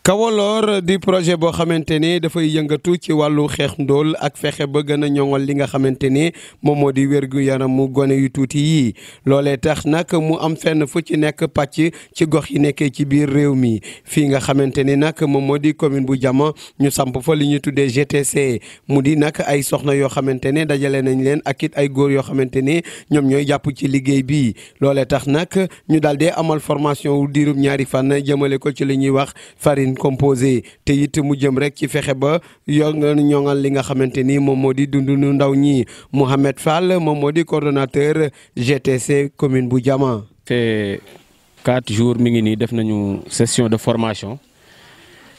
Kawolor di projet boo xamante ne dafay yëngatu ci wàllu xeex ndool ak fexe ba gën a ñoŋal li nga xamante ne moom moo di wérgu mu gone yu tuuti yii loolee tax nag mu am fenn fu ci nekk pàcc ci gox yi nekkee ci biir réew mii fii nga xamante ni nag moom moo di commune bu Diama ñu samp fa li ñuy tuddee GTC mu di nag ay soxna yoo xamante ne dajale nañ leen ak it ay góor yoo xamante ne ñoom ñooy jàpp ci liggéey bi loolee tax nag ñu daal di amal formation wu ñaari fan jëmale ko ci li ñuy wax farine composé te it mu jëm rek ci fexe ba yo ñoŋal li nga xamante ni moom moo di dundunu ndaw ñi Mouhamed Fall moom moo di coordonnateur GTC commune bu Diama. te quatre jour mi ngi nii def nañu session de formation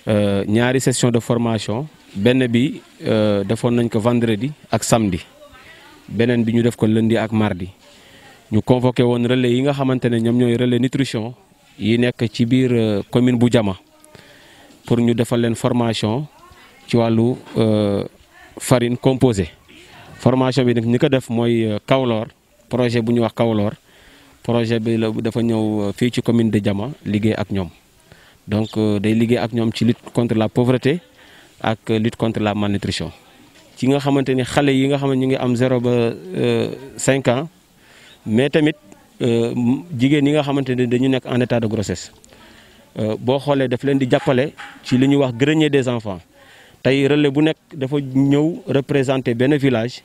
euh, ñaari session de formation benn bi euh, defoon nañ ko vendredi ak samedi beneen bi ñu def ko lundi ak mardi ñu convoqué woon relais yi nga xamante ne ñoom ñooy relais nutrition yi nekk ci biir euh, commune bu Diama. pour ñu defal leen formation ci wàllu euh, farine composé formation bi nag ñi ko def mooy euh, Kawlor projet bu ñuy wax Kawlor projet bi la dafa ñëw euh, fii ci commune de Diama liggéey ak ñoom donc day liggéey ak ñoom ci lutte contre la pauvreté ak lutte contre la malnutrition. ci nga xamante ni xale yi nga xam ne ñu ngi am zéro ba cinq ans mais tamit jigéen yi nga xamante ne dañu nekk en état de grossesse. Euh, boo de daf leen di jàppale ci li wax grenier des enfants tey relais bu nekk dafa ñëw représenter benn village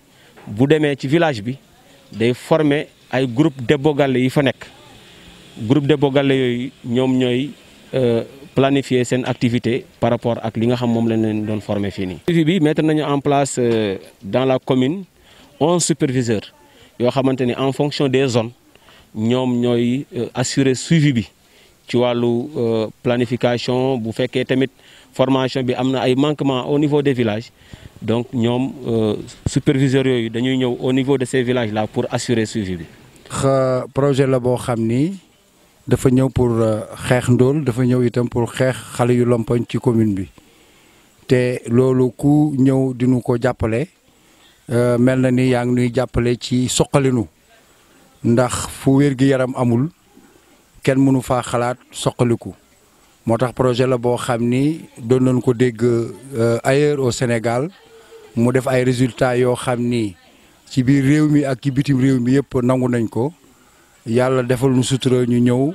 bu demee ci village bi de former ay groupe de Galle yi fa groupe de Galle yooyu ñoom ñooy euh, planifier ses activité par rapport ak li nga xam moom lañ leen doon suivi bi mettre nañu en place euh, dans la commune 11 superviseurs yoo xamante en fonction des zones ñoom ñooy assurer suivi bi ci walu euh, planification bu fekkee tamit formation bi amna ay manquement au niveau des villages donc ñom euh, superviseur yoyu dañuy ñëw au niveau de ces villages là pour assurer suivi bi. projet la bo xamni dafa ñëw pour euh, xex ndol dafa ñëw itam pour xex xale yu lompoñ ci commune bi té lolu ku ñëw dinu ko jappalé euh na ni yaa ngi ci soqalinu ndax fu wër gi yaram amul kenn mënu faa xalaat soqaliku moo tax projet la boo xam ni doon nañ ko dégg euh, ailleurs au Sénégal mu def ay résultats yoo xam ni ci biir réew mi ak ci bitim réew mi yëpp nangu nañ ko yàlla defal nu sutura ñu ñëw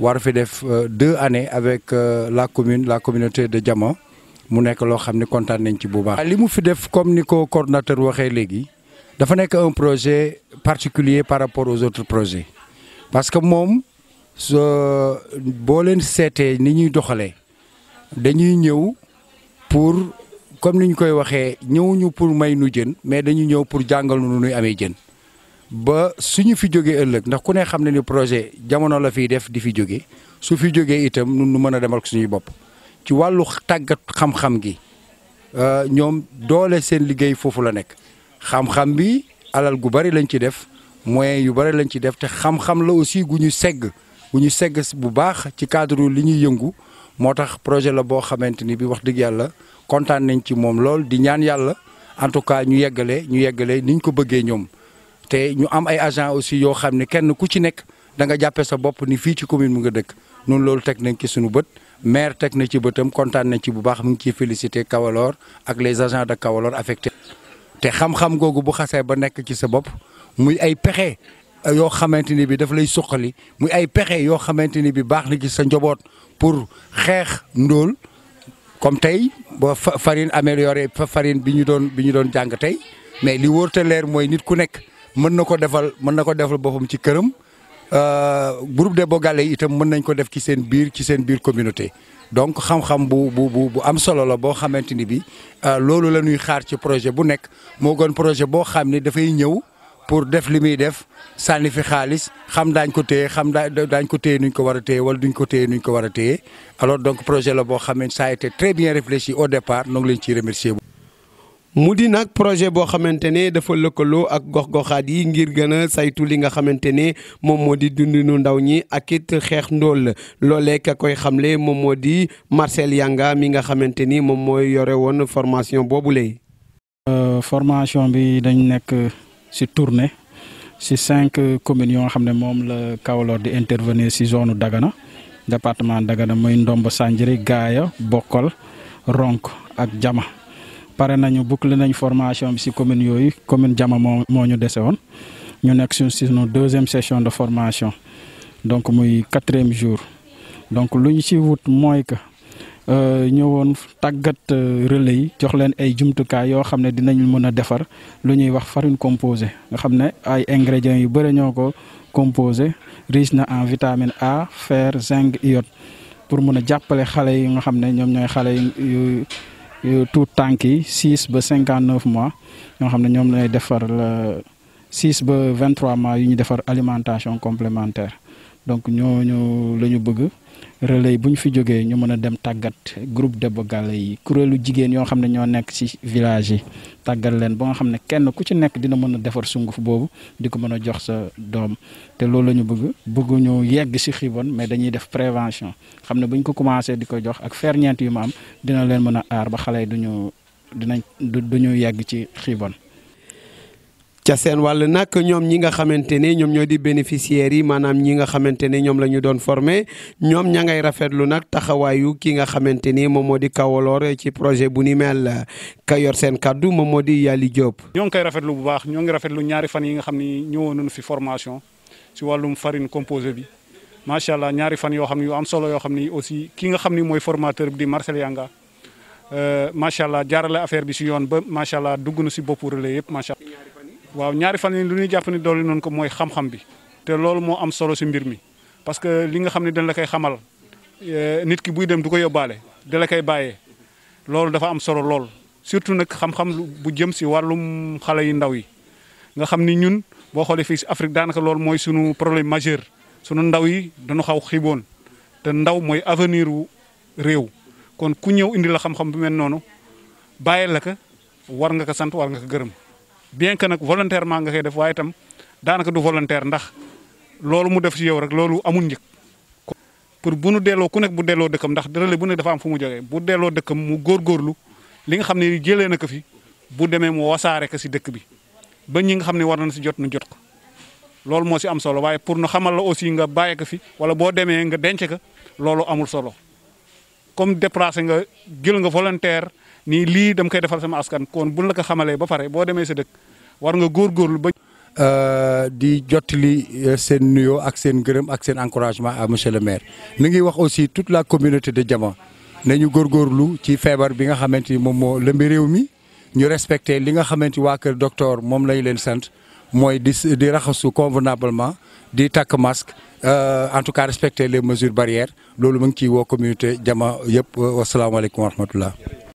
war fi def euh, deux années avec euh, la commune la communauté de Diama mu nekk loo xam ne kontaan nañ ci bu baax. li mu fi def comme ni ko coordonnateur waxee léegi dafa nekk un projet particulier par rapport aux autres projets parce que moom soo boo leen seetee ni ñuy doxalee dañuy ñëw pour comme ni ñu koy waxee ñëwuñu pour may nu jën mais dañuy ñëw pour jàngal nu nuy amee jën ba suñu fi jógee ëllëg ndax ku ne xam ne ni projet jamono la fiy def di fi jóge su fi jógee itam nun nu mën a demal ko suñuy bopp ci wàllu tàggat xam-xam gi euh, ñoom doole seen liggéey foofu la nekk xam-xam bi alal gu bari lañ ci def moyens yu bari lañ ci def te xam-xam la aussi gu ñu segg bu ñu segg bu baax ci cadre li ñuy yëngu moo tax projet la boo xamante ni bi wax dëgg yàlla kontaan nañ ci moom lool di ñaan yàlla en tout cas ñu yeggale ñu yeggale ñu ko bëggee ñoom te ñu am ay agent aussi yoo xam ne kenn ku ci nekk da nga jàppe sa bopp ni fii ci commune mu nga dëkk noonu loolu teg nañ ci suñu bët maire teg na ci bëtam kontaan nañ ci bu baax mu ngi ciy félicité Kawalor ak les agents de Kawalor affecté te xam-xam googu bu xasee ba nekk ci sa bopp muy ay pexe yoo xamante ni bi daf lay suqali muy ay pexe yoo xamante ni bi baax na ci sa njaboot pour xeex ndóol comme tey ba farine améliorée farine bi ñu doon bi ñu doon jàng tey mais li wóor te leer mooy nit ku nekk mën na ko defal mën na ko defal boppam ci këram euh, groupe de Bogalé itam mën nañ ko def ci seen biir ci seen biir communauté donc xam-xam bu bu bu am solo la boo xamante ni bi euh, loolu la ñuy xaar ci projet bu nekk moo gën projet boo xam ne dafay ñëw. pour def li def sànni fi xaalis xam dañ ko téye xam dañ ko téye nuñ ko wara a téye wala duñ ko téye nuñ ko wara a alors donc projet la bo xamé ne ça a été très bien réfléchi au départ ñoo ngi leen ciy remercier. mu di nag projet bo xamantene ne dafa lëkkaloo ak gox-goxaat yi ngir gëna saytu li nga xamantene mom modi moo nu ndaw ñi ak it xex ndol lolé ka koy xamlé mom modi Marcel Yanga mi nga xamantene mom moy yoré won formation bobulé euh, formation bi dañ nekk. C'est tourné, ci cinq communes ont xamné mom la de di intervenir ci zone Dagana département Dagana moy Ndombo Sanjiri Gaaya Bokol, Ronk ak Jama paré nañu boucler nañ formation ci la commune yoyu commune Jama mo fait ñu deuxième session de formation donc 4 quatrième jour donc nous ci fait wut moy Euh, ñëwoon tàggat euh, relais yi jox leen ay jumtukaay yoo xam ne dinañu mën a defar lu ñuy wax farine composée nga xam ne ay ingrédients yu bëri ñoo ko composé riche na en vitamine A faire zinc iode pour mën a jàppale xale yi nga xam ne ñoom ñooy xale yu tout tuut tànk yi six ba cinquante neuf mois ñoo xam ne ñoom lay defar euh, six ba vingt trois mois yu ñu defar alimentation complémentaire donc ñooñu la ñu bëgg. relais bu ñu fi jógee ñu mën a dem tàggat groupe de Bogale yi kuréelu jigéen yoo xam ne ñoo nekk ci village yi tàggat leen ba nga xam ne kenn ku ci nekk dina mën a defar sunguf boobu di ko mën a jox sa doom te loolu la ñu bëgg bëgguñu yegg ci xibon mais dañuy def prévention xam ne bu ko commencé di ko jox ak ferñeent yu ma am dina leen mën a aar ba xale yi duñu dinañ duñu yegg ci xiibon ci seen wàll nag ñoom ñi nga xamante ne ñoom ñoo di bénéficiaires yi maanaam ñi nga xamante ne ñoom la ñu doon formé ñoom ña ngay rafetlu nag taxawaayu ki nga xamante ni moom moo di Kawolor ci projet bu ni mel ka yor seen kàddu moom moo di Yali Diop. ñoo ngi koy rafetlu bu baax ñoo ngi rafetlu ñaari fan yi nga xam ni ñëwoon fi formation si wàllum farine composé bi macha allah ñaari fan yoo xam ni yu am solo yoo xam aussi ki nga xam ni formateur bi di Marcel Yanga euh, macha allah jaarale affaire bi si yoon ba macha allah dugg na si relais waaw ñaari fan yi lu ñuy jàpp ni dolli noonu ko mooy xam-xam bi te loolu moo am solo si mbir mi parce que li nga xam ne dañ la koy xamal eh, nit ki buy dem du ko yóbbaale da koy bàyyee loolu dafa am solo lool surtout nag xam-xam bu jëm si wàllum xale yu ndaw yi nga xam ni ñun boo xoolee fii si Afrique daanaka loolu mooy sunu problème majeur sunu ndaw yi dañu xaw xiboon te ndaw mooy avenir wu réew kon ku ñëw indi la xam-xam bu mel noonu bàyyee la ko war nga ko sant war nga ko gërëm bien que nag volontairement nga koy def waaye itam daanaka du volontaire ndax loolu mu def si yow rek loolu amul njëg. pour bu nu delloo ku nekk bu delloo dëkkam ndax relais bu ne dafa am fu mu jógee bu delloo dëkkam mu góorgóorlu li nga xam ne jëlee na ko fi bu demee mu wasaare ko ci dëkk bi ba ñi nga xam ne war na ci jot nu jot ko. loolu moo ci am solo waaye pour nu xamal la aussi nga bàyyi ko fi walla boo demee nga denc ko loolu amul solo comme déplacé nga jël nga volontaire. nii lii dama koy defal sama askan kon buñ la ko xamalee ba pare boo demee sa dëkk war nga góor góorlu ba. Euh, di jotli euh, seen nuyoo ak seen gërëm ak seen encouragement à monsieur le maire ni ngi wax aussi tout la communauté de Diama nañu góorgóorlu ci feebar bi nga xamante ni moom moo lëmbi réew mi ñu respecté li nga xamante waa kër docteur moom lañu leen sant mooy di di raxasu convenablement di takk masque euh, en tout cas respecter les mesures barrières loolu mu ngi ciy woo communauté Diama yëpp wasalaamaaleykum wa rahmatullah